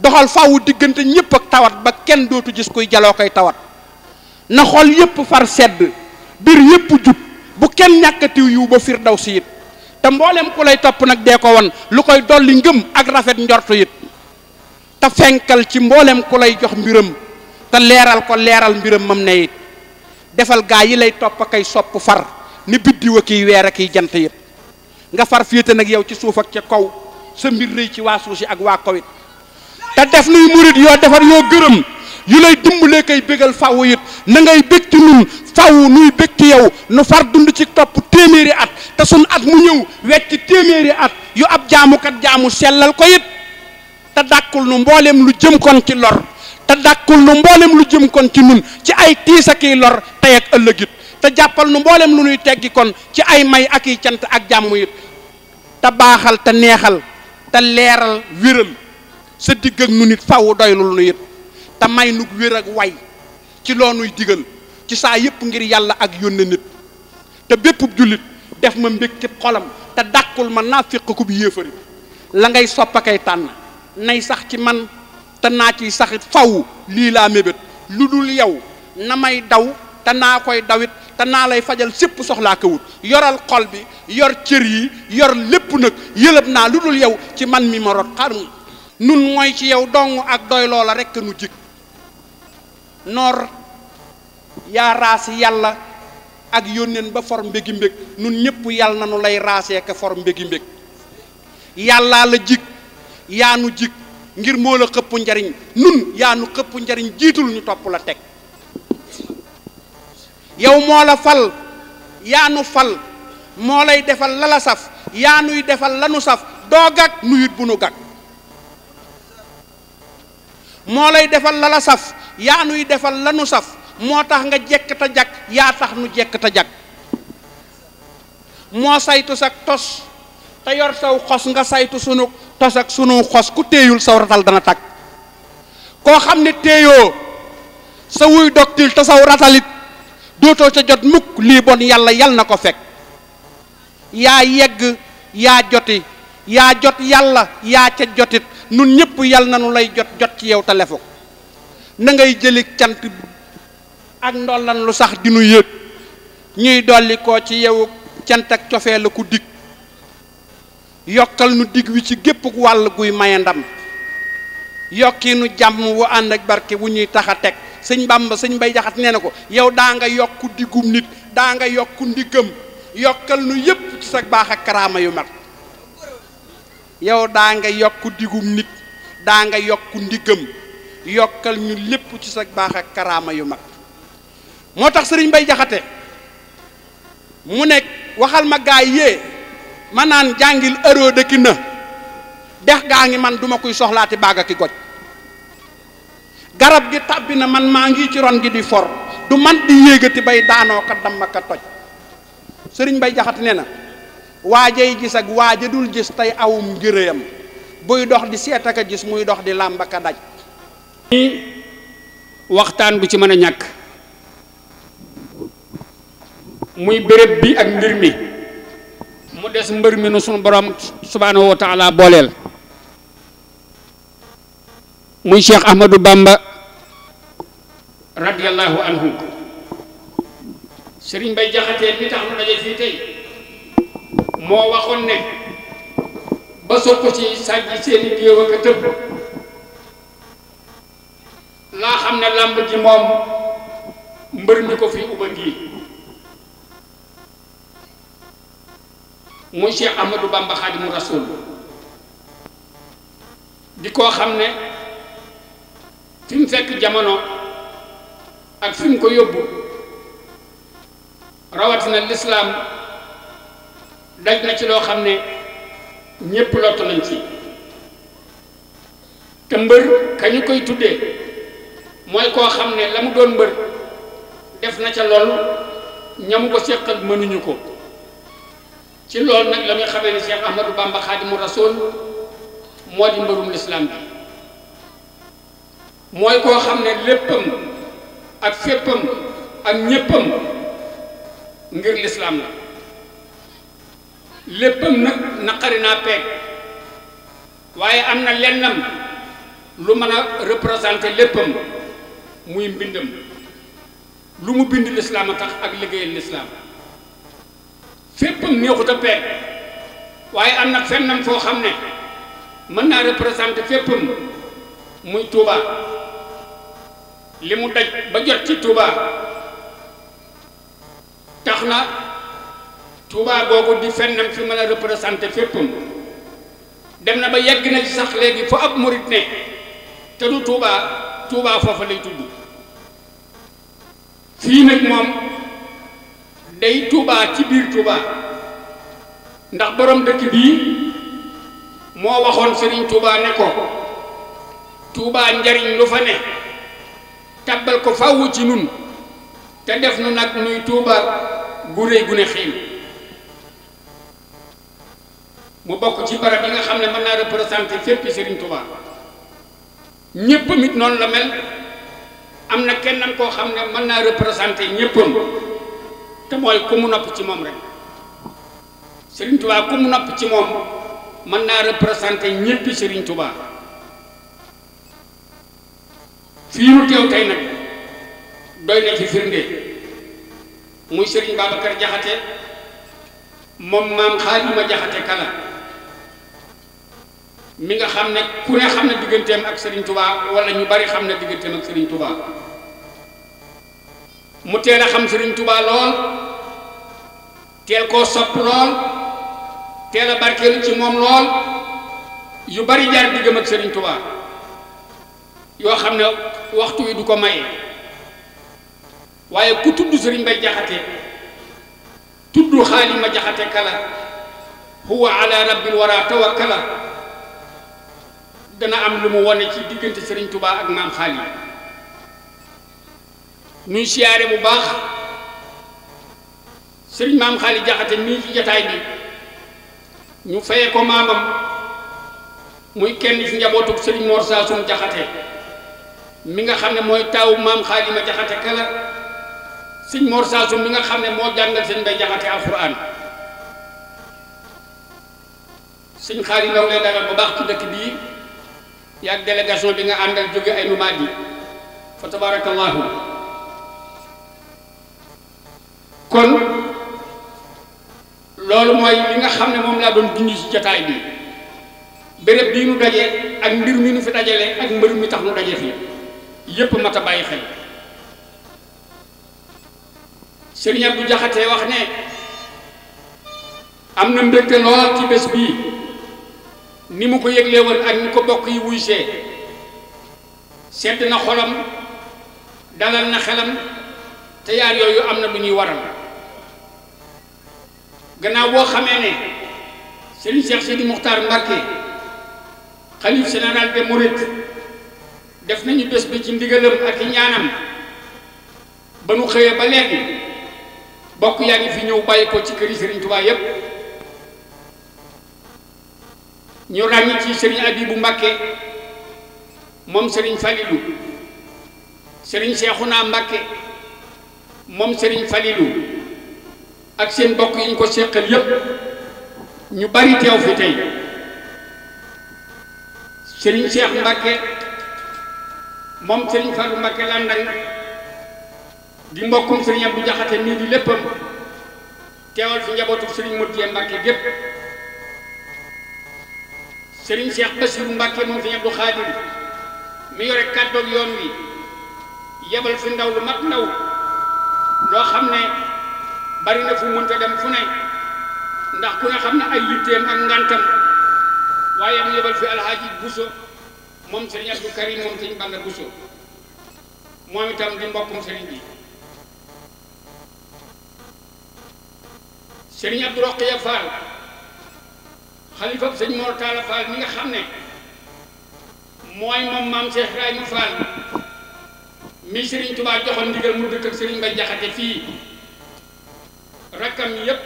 doxal fawu diggante ñëpp ak tawat ba kenn dootu gis kuy jaloo koy tawat na xol yëpp far sedd biir yëpp jub bu kenn ñàkkatiw yu ba fir daw si it te mboolem ku lay topp nag dee ko won lu koy dolli ngëm ak rafet njortu it te fenkal ci mboolem ku lay jox mbiram te leeral ko leeral mbiram mam ne defal gaa yi lay topp kay sopp far ni biddiw a kiy weer a kiy jant yëpp nga far féete nag yow ci suuf ak ca kaw sa mbir rëy ci waa suuf si ak waa kawit te def nuy murit yoo defar yoo gërëm yu lay dimbalee koy bégal faw yit na ngay bég ci nun faw nuy bég ci yow nu far dund ci topp téeméeri at te sun at mu ñëw wecc téeméeri at yu ab jaamukat jaamu sellal ko yit te dàkkul nu mboolem lu jëm kon ci lor te dàkkul nu mboolem lu jëm kon ci nun ci ay tiis ak lor tey ak ëllëgit te jàppal nu mboolem lu nuy teggi kon ci ay may ak i cant ak jàmm it te baaxal te neexal te leeral wéral sa digg ak nu nit faw doylul nu it te may nu wér ak way ci loo nuy digal ci saa yëpp ngir yàlla ak yónne nit te bépp jullit def ma mbég ci xolam te dàkkul ma naa féq ku bi yéefari la ngay soppakay tànn nay sax ci man te naa ciy saxit faw lii laa mébét lu dul yow na may daw te naa koy dawit te naa lay fajal sépp soxlaa ko yoral xol bi yor cër yi yor lépp nag yëlëb naa lu dul yow ci man mi ma rot xarum nun mooy ci yow dong ak doyloo la rekk nu jik noor yaa raasi yàlla ak yónneen ba for mbégi mbég nun ñëpp yàlla na nu lay raasee ka for mbégi mbég yàllaa la jik yaanu jik ngir moo la xëpp njariñ nun yaanu xëpp njariñ jiitul ñu topp la teg yow moo la fal yaanu fal moo lay defal lala saf yaanuy defal lanu saf doo gag nuyut bu nu defal lala saf yaanuy defal lanu saf moo tax nga jekk ta yaa tax nu jekk ta jag moo saytu sa tos te yor saw xos nga saytu sunu tos ak sunu xos ku téeyul saw ratal dana tàkk koo xam ne téeyoo sawuy wuy doktil ratalit dootoo ca jot mukk lii bon yàlla yal na ko fekk yaa yegg yaa joti yaa jot yàlla yaa ca jotit nun ñëpp yal na nu lay jot jot ci yow telefon na ngay jëli cant ak lu sax di nu ko ci yow cant ak cofee la ku dikk yokkal nu digg wi ci gépp wàll guy maye ndam yokki jàmm wu ànd ak barke wu ñuy tax a teg sëñ Bàmba sëñ Mbay Jaxate nee na ko yow daa nga yokku diggum nit daa nga yokku ndiggam yokkal nu yépp ci sa baax karaama yu mat yow daa nga yokku nit daa nga yokku ndiggam yokkal ñu lépp ci sa baax ak karaama yu mag moo tax sëriñ Mbay Jaxate mu nekk waxal ma gaay yee ma naan jàngil ëroo dëkki na dex gaa ngi man duma kuy soxlaati baaga ki goj garab gi tàbbi na man maa ngi ci ron gi di for du man di yéegati bay daanoo ka damm ka toj sëriñ bay jaxat ne na waajay gis ak waaja dul gis tey awum njërëyam buy dox di seet ak a gis muy dox di làmb ka daj waxtaan bu ci mën a ñàkk muy bërëb bi ak mbir mi mu des mbër mi nu sunu borom subhaanahu wa booleel muy Cheikh Ahmadou Bamba radiyallahu anhu Serigne Bay Jaxate mi tax nu daje fii tey moo waxoon ne ba sokku ci sàjji seeni géew ak a tëb laa xam ne làmb ji moom mbër mi ko fi uba gi muy Cheikh Ahmadou Bamba Xaadimu Rasuul di koo xam ne fi mu fekk jamono ak fi ko yóbbu rawatina lislaam daj na ci loo xam ne ñépp lott nañ ci te mbër ka ñu koy tuddee mooy koo xam ne la mu doon mbër def na ca loolu ñamu ko séqal mënuñu ko ci loolu nag la muy xamee ni Cheikh Ahmadou Bamba Xaadimu Rasuul moo di mbërum lislaam bi mooy koo xam ne léppam ak féppam ak ñéppam ngir lislaam la léppam nag naqari naa peeg waaye am na lennam lu mën a représenté léppam muy mbindam lu mu bind lislaam a tax ak liggéeyal lislaam fépp neexut a peeg waaye am nag fennam foo xam ne mën naa représenter féppam muy Touba li mu daj ba jot ci Touba tax na Touba googu di fennam fi mën a représenter féppam dem na ba yegg na ci sax léegi fa ab murit ne te du Touba Touba foofu lay tudd fii nag moom day Touba ci biir Touba ndax boroom dëkk bii moo waxoon Serigne Touba ne ko Touba njariñ lu fa ne tabbal ko fàww ci nun te def nu nag nuy Touba gu réy gu ne xiim mu bokk ci barab yi nga xam ne mën naa représenter fépp Serigne Touba ñépp mit noonu la mel am na kennam koo xam ne mën naa représenter ñéppam te mooy ku mu ci moom rek Serigne Touba ku mu noppi ci moom mën naa représenté ñéppi Serigne Touba fii nu teew tey nag doy na ci firnde muy Serigne Babacar moom maam Xaadima mi nga xam ne ku ne xam na digganteem ak Serigne Touba wala ñu bari xam na digganteem ak Serigne Touba xam Serigne Touba lool. teel koo sopp lool teel a barkeelu ci moom lool yu bari jaar diggam ak Serigne Touba yoo xam ne waxtu wi du ko maye waaye ku tudd Serigne Mbaye Jaxate tudd xaalima jaxate kala huwa ala rabbil wara kala dana am lu mu wone ci diggante sëriñ Touba ak maam xaalim nuy siyaare bu baax sëriñ maam xaali jaxate mii ci jataay bi ñu faye ko maamam muy kenn ci njabootuk sëriñ Mor Saasum jaxate mi nga xam ne mooy taawu maam xaali ma jaxate kala sëriñ Mor mi nga xam ne moo jàngal seen mbay jaxate alxuraan sëñ xaali ndaw lay dalal bu baax ci dëkk bii yaag délégation bi nga àndal jóge ay numaat yi fa tabarakallahu kon loolu mooy li nga xam ne moom laa doon dindi ci jotaay bi béréb bii nu dajee ak mbir mi nu fi dajale ak mbër mi tax nu daje fi yépp mat a bàyyi xel Sëriñ Jaxate wax ne am na mbégte lool ci ni mu ko yëglee woon ak ni ko bokk yi wuy see sedd na xolam dalal na xelam te yaar yooyu am na lu ñuy waral gannaaw boo xamee ne Serigne Cheikh Sidi Mokhtar Mbacké xalif général des def nañu bés bi ci ndigalam ak i ñaanam ba nu xëyee ba léegi bokk yaa ngi fi ñëw bàyyi ko ci këri Serigne Touba yépp ñu ràññi ci Serigne Abibou Mbacké moom Serigne Falilou Serigne naa Mbacké moom Serigne Falilou ak seen bokk yi ñu ko seqal yépp ñu bari teew fi tey sëriñ Cheikh Mbacke moom sëriñ Fallou Mbacke Landang di mbokkum sëriñ Abdou Jaxate nii di léppam teewal fi njabootu sëriñ Moutier Mbacke gépp sëriñ Cheikh Bassirou Mbacke moom sëriñ Abdou Khadir mi yore kàddoog yoon wi yebal fi ndaw lu mat ndaw loo xam ne bari na fu munta dem fu ne ndax ku ne xam ne ay yitteem ak ngantam waaye am yebal fi alhaaji Buso moom sëriñ Abdou Karim moom sëriñ Banga Buso moom itam di mbokkum sëriñ bi sëriñ Abdou Roqiya Fall xalifab sëñ moo Talla Fall mi nga xam ne mooy moom maam Cheikh Ibrahima Fall mi sëriñ Tuubaa joxoon ndigal mu dëkk ak sëriñ Mbay Jaxate fii rakkam yëpp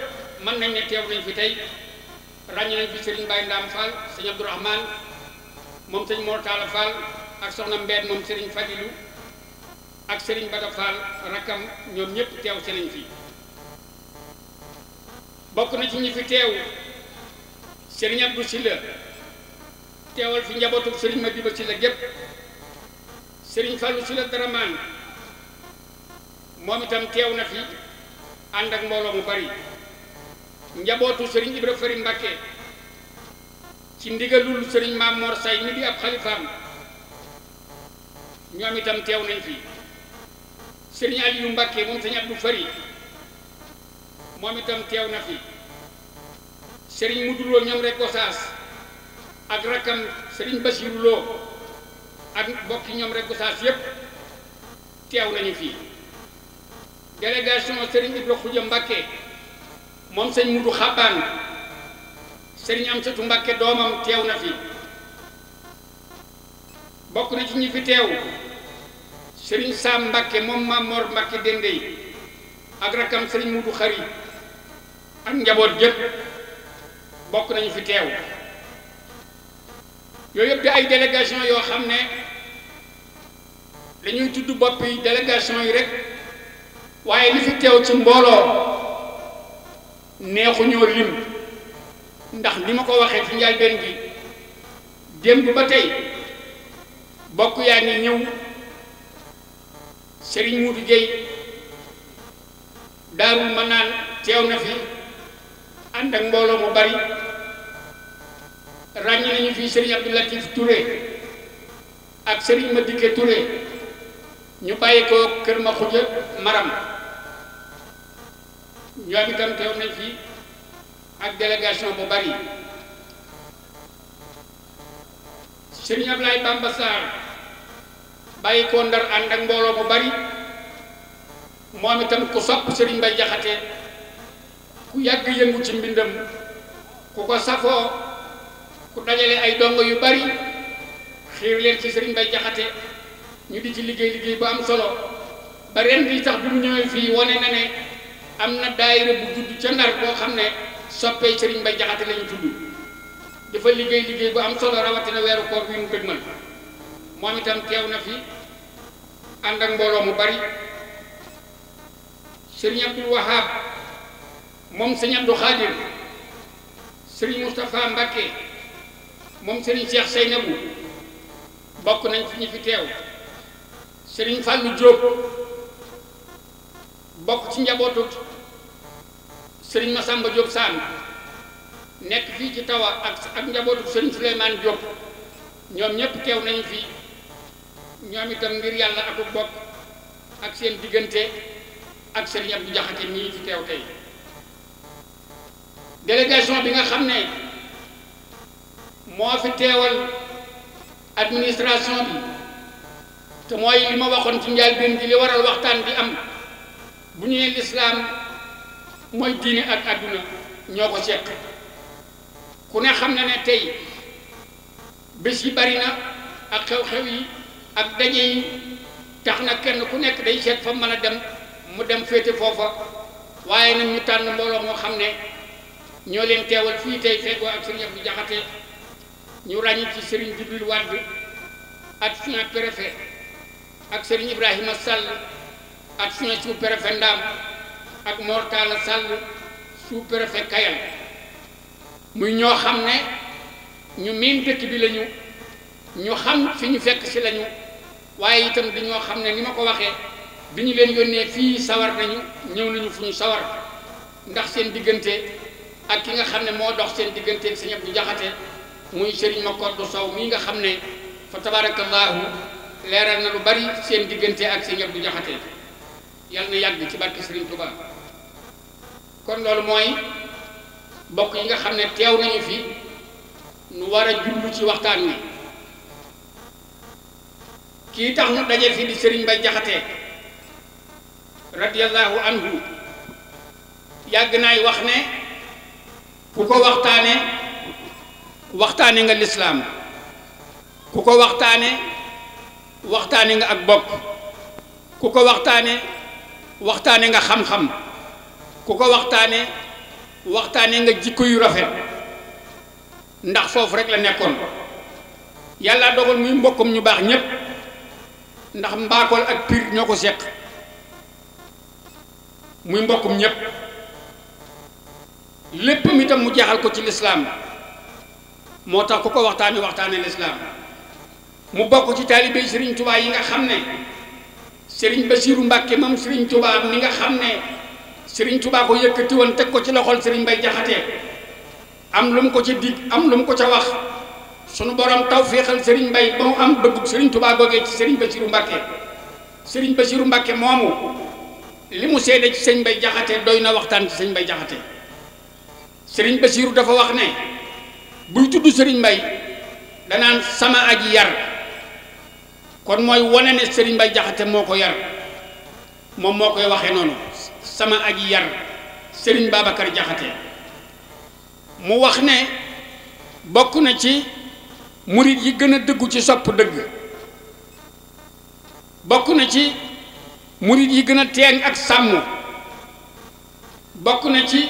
mën nañ ne teew nañ fi tey ràññee nañ fi Serigne Baye Ndam Fall sëñ Abdourahmane moom sëñ Mor Talla Fall ak soxna Mbène moom Serigne Fadilou ak Serigne Bada Fall rakkam ñoom ñëpp teew ci fi bokk na ci ñi fi teew Serigne Abdou Sylla teewal fi njabootu Serigne Madiba Sylla gépp Serigne Fallou Sylla Daraman moom itam teew na fi. ànd ak mbooloo mu bari njabootu Serigne Ibra Fari Mbàkke ci ndigalul Serigne Maam Mor Say di ab xalifaam ñoom itam teew nañ fi Serigne Aliou Mbàkke moom Serigne Abdou Fari moom itam teew na fi Serigne Mudu Lo ñoom rek Gosaas ak rakkam Serigne Basiru Lo ak mbokki ñoom rek Gosaas yépp teew nañu fii délégation Serigne Ibra Khoudia Mbakke moom sëñ Mudu Xabaan Serigne Amsatu Mbakke doomam teew na fi bokk na ci ñu fi teew Serigne Sam Mbakke moom Maam Mor Mbakke Dendey ak rakam Serigne Mudu Xari ak njaboot jëpp bokk nañu fi teew yooyu yëpp di ay délégation yoo xam ne dañuy tudd bopp yi délégation yi rek waaye li fi teew ci mbooloo neexuñoo lim ndax li ma ko waxee ci njëlbéen bi démb ba tey bokk yaa ngi ñëw sëriñ Moudou Gueye Daarul Manaan teew na fi ànd ak mbooloo mu bari ràññi nañu fii Serigne Abdou Latif Touré ak Serigne Madické Touré ñu bàyyi ko Kër Makhoudia Maram ñoom itam teew nañ fi ak délégation bu bari Serigne Ablaye Bamba Sarr bàyyi ko ndar ànd ak mbooloo bu bari moom itam ku sopp Serigne Mbaye Jaxate ku yàgg yëngu ci mbindam ku ko safoo ku dajale ay dongo yu bari xiir leen ci Serigne Mbaye Jaxate ñu di ci liggéey liggéey bu am solo ba ren bi tax bi mu ñëwee fii wane na ne am na daayira bu judd ca ndar boo xam ne soppee sëriñ Mbay Jaxate lañu tudd dafa liggéey liggéey bu am solo rawatina weeru koor wi ñu dëgmal moom itam teew na fi ànd ak mbooloo mu bari sëriñ Abdul Wahab moom sëriñ Abdou Khadir sëriñ Moustapha Mbakke moom bokk nañ fi ñu fi teew sëriñ Fallou Diop bokk ci njabootug sëriñ Masamba Diop Sane nekk fii ci tawa ak ak njabootug sëriñ Souleymane Diop ñoom ñépp teew nañu fi ñoom itam ngir yàlla aku bokk ak seen diggante ak sëriñ Abdou Diakhaté ñii fi teew tey délégation bi nga xam ne moo fi teewal administration bi te mooy li ma waxoon ci njaal benn gi li waral waxtaan bi am bu ñu nee lislaam mooy diine ak àdduna ñoo ko seq ku ne xam na ne tey bés yi bari na ak xew-xew yi ak daje yi tax na kenn ku nekk day seet fa mën a dem mu dem féete foofa waaye nag ñu tànn mbooloo moo xam ne ñoo leen teewal fii tey feggoo ak sëriñ Abdou Jaxate ñu ràññi ci sëriñ Jibril Wàdd ak sunu préfet ak sëriñ Ibrahima Sall ak suna sous-préfet Ndam ak Mor Talla Sall sous-préfet Kayal muy ñoo xam ne ñu miin dëkk bi lañu ñu xam fi ñu fekk si lañu waaye itam di ñoo xam ne li ma ko waxee bi ñu leen yónnee fii sawar nañu ñëw nañu fu ñu sawar ndax seen diggante ak ki nga xam ne moo dox seen diggante ak Sëñ Abdou Jaxate muy Sëriñ Makoddu Sow mii nga xam ne fa tabaarakallaahu leeral na lu bari seen diggante ak Sëñ Abdou Jaxate yàlla na yàgg ci barke Serigne Touba kon loolu mooy bokk yi nga xam ne teew nañu fi nu war a jublu ci waxtaan wi kii tax nu daje fi di Serigne Mbaye Jaxate radiyallahu anhu yàgg naay wax ne ku ko waxtaane waxtaane nga lislaam ku ko waxtaane waxtaane nga ak bokk ku ko waxtaane waxtaane nga xam-xam ku ko waxtaane waxtaane nga jikko yu rafet ndax foofu rek la nekkoon yàlla dogal muy mbokkam ñu baax ñépp ndax mbaakool ak piir ñoo ko seq muy mbokkum ñépp lépp mi itam mu jeexal ko ci lislaam moo tax ku ko waxtaane waxtaane lislaam mu bokk ci taalibe Sëriñ Tuubaa yi nga xam ne sëriñ Basiiru Mbàkke moom sëriñ Tuubaa ni nga xam ne sëriñ Tuubaa ko yëkkati woon teg ko ci loxol sëriñ Bay Jaxate am lu mu ko ci dig am lu mu ko ca wax sunu borom tawféexal sëriñ Bay ba mu am bëggub sëriñ Tuubaa googee ci sëriñ Basiiru Mbàkke sëriñ Basiiru Mbàkke moomu li mu seede ci sëñ Bay Jaxate doy na waxtaan ci sëñ Bay Jaxate sëriñ Basiiru dafa wax ne buy tudd sëriñ Bay danaan sama aji yar kon mooy wane ne Serigne Mbaye Jaxate moo ko yar moom moo koy waxee noonu sama aji yar Serigne Babacar Jaxate mu wax ne bokk na ci murit yi gën a dëggu ci sopp dëgg bokk na ci murit yi gën a teeng ak sàmm bokk na ci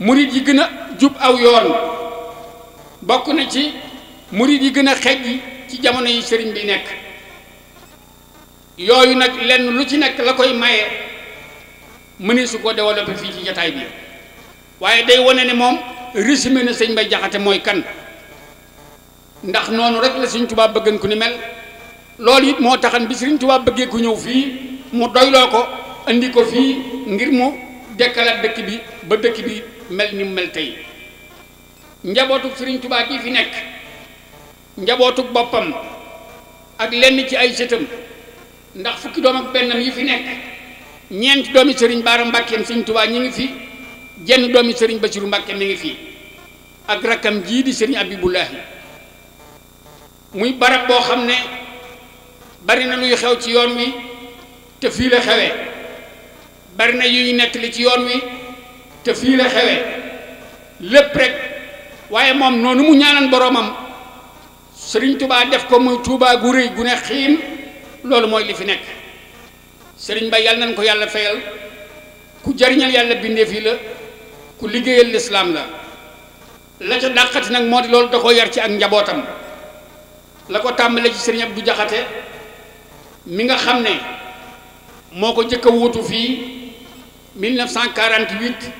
murit yi gën a jub aw yoon bokk na ci murit yi gën a xej ci jamono yi sëriñ bi nekk yooyu nag lenn lu ci nekk la koy maye mëni su ko développé fii ci jataay bi waaye day wane ne moom résumé na sëñ Mbay Jaxate mooy kan ndax noonu rek la sëñ Tuubaa bëggan ku ni loolu it moo taxan bi sëñ Tuubaa bëggee ñëw fii mu doyloo ko indi ko fii ngir mu dekkalaat dëkk bi ba dëkk bi mel ni mu mel tey njabootu sëriñ Tuubaa gi fi nekk njabootu boppam ak lenn ci ay setam ndax fukki doom ak bennam yi fi nekk ñeenti doomi sëriñ Baara Mbàkkeem sëriñ Tuubaa ñi ngi fi jenn doomi sëriñ ba Basiru Mbàkke mi ngi fi ak rakkam jii di sëriñ Abibullahi muy barab boo xam ne bari na luy xew ci yoon wi te fii la xewee bari na yuy nekk li ci yoon wi te fii la xewe lépp rek waaye moom noonu mu ñaanan boroomam sëriñ tubaa def ko muy Tuubaa gu rëy gu ne xiin loolu mooy li fi nekk sëriñ ba yàlla nañ ko yàlla fayal ku jariñal yàlla bindeef yi la ku liggéeyal lislaam la la ca dàqati nag moo di loolu da ko yar ci ak njabootam la ko tàmbale ci sëriñ Abdou Jaxate mi nga xam ne moo ko njëkk a wuutu fii 1948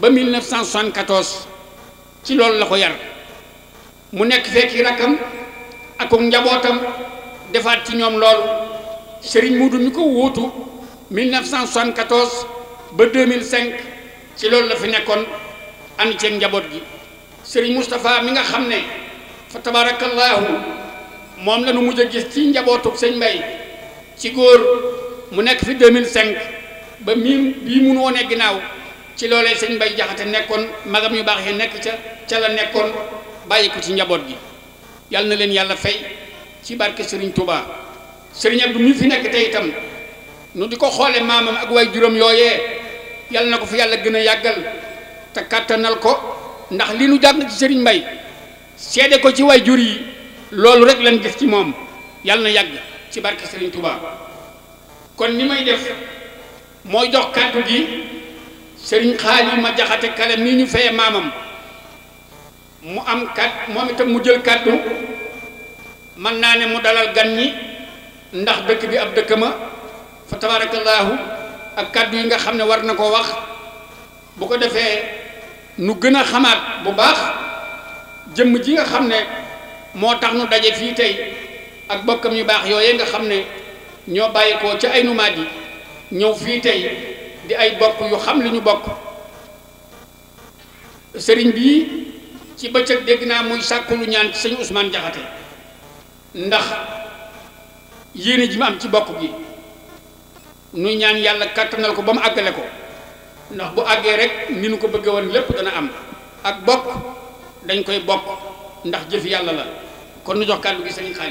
ba 1974 ci loolu la ko yar mu nekk fekki rakkam ak njabootam defaat ci ñoom loolu sëriñ Muudu mi ko wóotu 1974 ba 2005 ci loolu la fi nekkoon ànd njaboot gi sëriñ Moustapha mi nga xam ne fa tabaarakallaahu moom la nu mujj a gis ci njabootu sëñ Mbay ci góor mu nekk fi 2005 ba mii bii mun woonee ginnaaw ci loolee sëñ Mbay Jaxate nekkoon magam yu baax yi nekk ca ca la nekkoon bàyyi ko ci njaboot gi yàlla na leen yàlla fay ci barke Serigne Touba Serigne Abdou mi fi nekk tey itam nu di ko xoole maamam ak way juróom yooyee yàlla na ko fi yàlla gën a yàggal te kàttanal ko ndax li nu jàng ci Serigne Mbaye seede ko ci way jur yi loolu rek leen gis ci moom yàlla na yàgg ci barke Serigne Touba kon ni may def mooy jox kàddu gi sëriñ Xaadim ma jaxate kala ni ñu feye maamam mu am kat moom itam mu jël kàddu mën naa ne mu dalal gan ñi ndax dëkk bi ab dëkk ma fa tabaarakallaahu ak kàddu yi nga xam ne war na koo wax bu ko defee nu gën a xamaat bu baax jëmm ji nga xam ne moo tax nu daje fii tey ak bokkam yu baax yooye nga xam ne ñoo bàyyi ko ca ay numaat yi ñëw fii tey di ay bokk yu xam li ñu bokk sëriñ bii ci bëccëg dégg naa muy sàkkulu ñaan ci sëñ Ousmane Jaxate ndax yéene ji ma am ci bokk gi nu ñaan yàlla kàttanal ko ba mu àggale ko ndax bu àggee rek ni nu ko bëggee woon lépp dana am ak bokk dañ koy bokk ndax jëf yàlla la kon nu jox kàddu gi sëriñ xaal